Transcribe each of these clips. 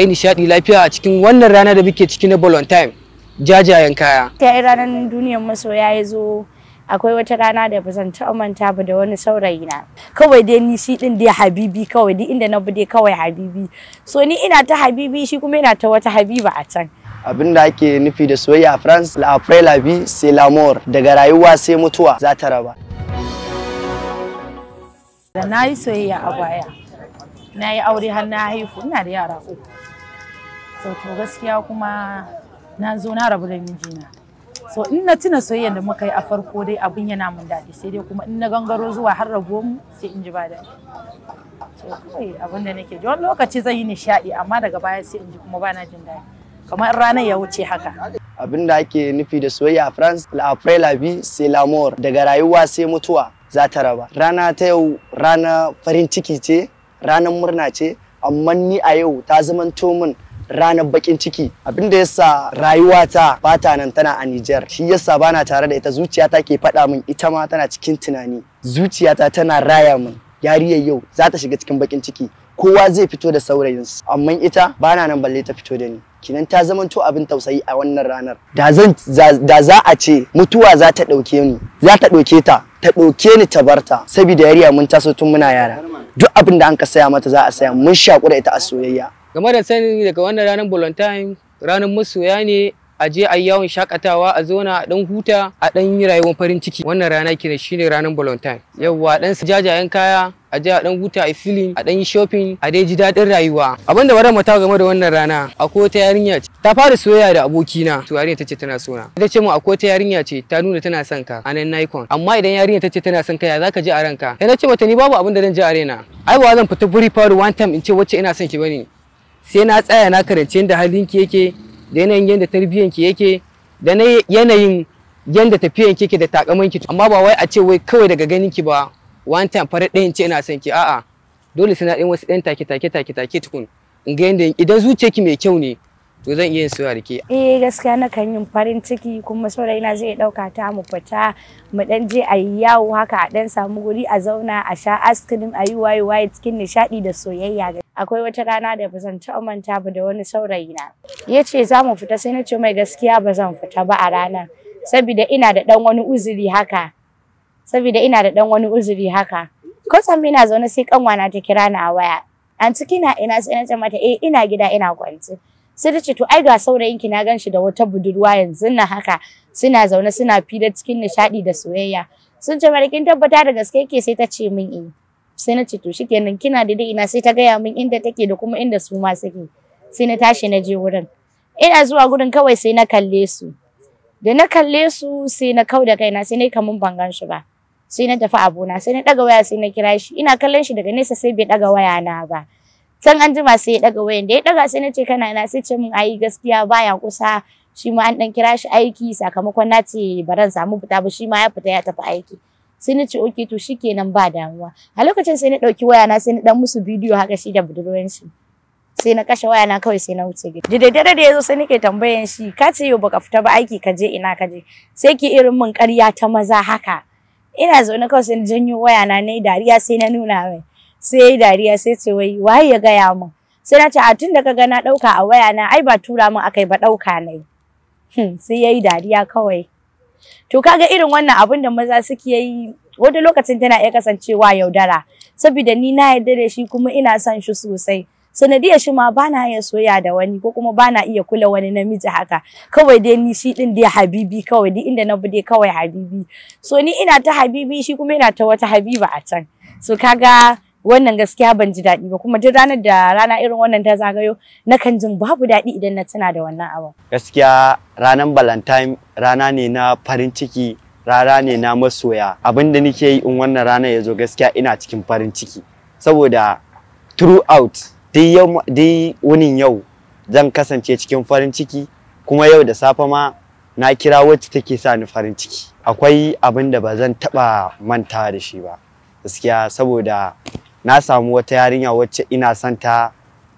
ai nishadi nishaɗi lafiya a cikin wannan rana da muke cikin na Valentine jajayen kaya. Ta yi ranar duniyar masoya ya zo akwai wata rana da ba zan taɓa manta ba da wani saurayi na. Kawai dai ni shi ɗin dai Habibi kawai duk inda na bi dai kawai Habibi. So ni ina ta Habibi shi kuma ina ta wata Habiba a can. abin da ake nufi da soyayya a France la après la vie c'est l'amour daga rayuwa sai mutuwa za ta raba da na yi soyayya a baya na yi aure har na haihu ina da yara uku so to gaskiya kuma na zo na rabu da mijina so in na tuna soyayyar da muka yi a farko dai abin yana mun daɗi sai dai kuma in na gangaro zuwa har rago mu sai in ji ba daɗi to kai abin da nake ji wani lokaci zan yi nishaɗi amma daga baya sai in ji kuma ba na jin daɗi kamar ranar ya wuce haka abin da ake nufi da soyayya a France la après la vie c'est l'amour daga rayuwa sai mutuwa za ta raba rana ta yau rana farin ciki ce ranar murna ce amma ni a yau ta zamanto min ranar bakin ciki abinda da yasa rayuwata bata nan tana a Nijar shi yasa bana tare da ita zuciyata ke faɗa min ita ma tana cikin tunani zuciyata tana raya min yariyar yau za ta shiga cikin bakin ciki kowa zai fito da saurayinsu amma ita bana nan balle ta fito da ni kinan ta zamanto abin tausayi a wannan ranar da zan da za a ce mutuwa za ta ɗauke ni za ta ɗauke ta ta ɗauke ni ta barta saboda yariya mun taso tun muna yara abin da an ka saya mata za a saya mun shakura ita a soyayya game da sani daga wannan ranar valentine ranar masoya ne a je a yawon shakatawa a zauna a dan huta a dan yi rayuwar farin ciki wannan rana kenan shine ranar valentine yawwa dan jajayen kaya a je a dan huta a filin a dan yi shopping a dai ji daɗin rayuwa abin da mu ta game da wannan rana akwai wata yarinya ce ta fara soyayya da abokina to yarinya tace tana sona ita ce mu akwai wata yarinya ce ta nuna tana son ka anan nikon amma idan yarinya tace tana son ka ya zaka ji a ranka sai na ce mata ni babu abin da zan ji a raina ai ba zan fita buri faru one time in ce wacce ina son ki bane sai na tsaya na karance halin halinki yake da yanayin yadda tarbiyyanki yake da yanayin yadda tafiyanki yake da takamanki amma ba wai a ce wai kawai daga ganinki ba one time fara ɗayan ce ina son ki a'a dole sai na ɗan wasu ɗan take take take take tukun in ga yadda idan zuciyarki mai kyau ne to zan iya yin soyayya da ke eh gaskiya na kan yin farin ciki kuma saurayina zai ɗauka ta mu fita mu ɗan je a yawo haka a ɗan samu guri a zauna a sha askirin a yi waye cikin nishaɗi da soyayya akwai wata rana da bazan taɓa manta ba da wani saurayi na ya ce za mu fita sai na ce mai gaskiya ba zan fita ba a ranar saboda ina da ɗan wani uzuri haka saboda ina da ɗan wani uzuri haka kwatsam ina zaune sai kanwana ta kira ni a waya an ciki na ina sai na ce mata eh ina gida ina kwance sai ta ce to ai ga saurayin na ganshi da wata budurwa yanzu na haka suna zaune suna fira cikin nishaɗi da soyayya sun ce mara kin tabbata da gaske ke sai ta ce min eh sai na ce to shikenan kina daidai ina sai ta gaya min inda take da kuma inda su ma suke sai na tashi na je wurin ina zuwa gurin kawai sai na kalle su da na kalle su sai na kau da kaina sai na yi kamun ban gan shi ba sai na tafi abuna sai na daga waya sai na kira shi ina kallon shi daga nesa sai bai daga waya na ba can an jima sai ya daga wayan da ya daga sai na ce kana na sai ce min ayi gaskiya baya kusa shi ma an dan kira shi aiki sakamakon na ce ba zan samu fita ba shi ma ya fita ya tafi aiki sai na ce okay to shikenan ba damuwa a lokacin sai na ɗauki wayana sai na dan musu bidiyo haka shi da budurwan shi sai na kashe wayana kawai sai na wuce gida. Da dare da yazo sai nake tambayan shi ka ce yau baka fita ba aiki ka je ina ka je sai ki irin mun ƙarya ta maza haka. Ina zaune kawai sai na janyo wayana na yi dariya sai na nuna mai sai dariya sai ce wai waye ya gaya min. Sai na ce a tun da ka ga na ɗauka a wayana ai ba tura min akai ba ɗauka na hmm, Sai ya yi dariya kawai. to kaga irin wannan abin da maza suke yi wata lokacin tana iya kasancewa yaudara saboda ni na yarda da shi kuma ina son shi sosai sanadiyar shi ma ba na iya soya da wani ko kuma ba na iya kula wani namiji haka kawai dai ni shi din dai habibi kawai din inda na bi kawai habibi so ni ina ta habibi shi kuma ina ta wata habiba a can so kaga wannan gaskiya ban ji daɗi ba kuma duk ranar da rana irin wannan ta zagayo nakan jin babu daɗi idan na tuna da wannan abu. gaskiya ranar valentine rana ne na farin ciki rana ne na masoya abin da nake yi in wannan rana ya zo gaskiya ina cikin farin ciki saboda throughout dai wunin yau zan kasance cikin farin ciki kuma yau da safe ma na kira wacce take sa ni farin ciki akwai abin da ba zan taɓa manta da shi ba gaskiya saboda na samu wata yarinya wacce ina santa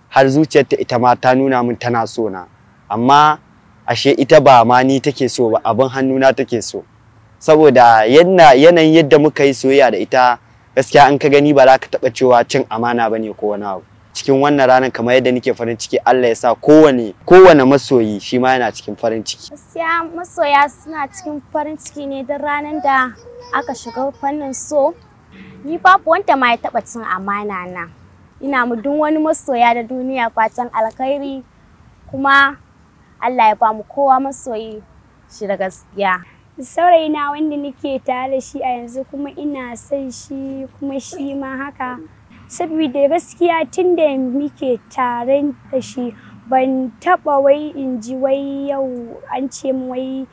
har zuciyarta ita ma ta nuna min tana so na amma ashe ita ba ma ni take so ba abin hannuna take so saboda yanayin yadda muka yi soyayya da ita gaskiya an ka gani ba za ka taɓa cewa cin amana ba ne ko wani abu cikin wannan ranar kamar yadda nake farin ciki Allah ya sa kowane kowane masoyi shi ma yana cikin farin ciki gaskiya masoya suna cikin farin ciki ne don ranar da aka shiga fannin so Ni babu wanda ma ya taɓa cin amana na. Ina mu duk wani masoya da duniya fatan alkhairi kuma Allah ya ba mu kowa masoyi shi da gaskiya. Saurayi na wanda nake tare da shi a yanzu kuma ina son shi kuma shi ma haka. Saboda gaskiya tun da muke tare da shi ban taɓa wai in ji wai yau an ce wai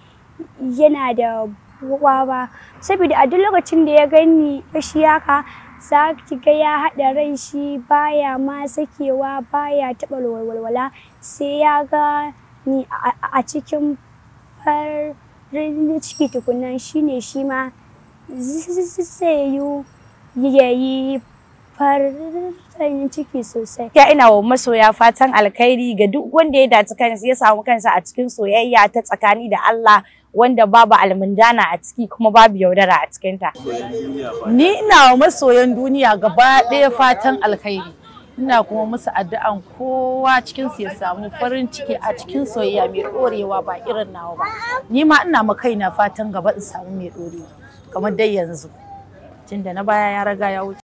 yana da kowa ba saboda a duk lokacin da ya gani shi haka za ki ga ya haɗa ran shi baya ma sakewa baya taɓa walwala sai ya ga ni a cikin farin ciki tukunan shine shi ma zai yi farin ciki sosai. Ya ina wa masoya fatan alkhairi ga duk wanda ya daci kansa samu kansa a cikin soyayya ta tsakani da Allah wanda babu almundana a ciki kuma babu yaudara a cikinta. Ni ina wa masoyan duniya gaba ɗaya fatan alkhairi. Ina kuma musu addu'an kowa cikin ya samu farin ciki a cikin soyayya mai ɗorewa ba irin nawa ba. Ni ma ina ma kaina fatan gaba in samu mai ɗorewa kamar dai yanzu. Tunda na baya ya raga ya wuce.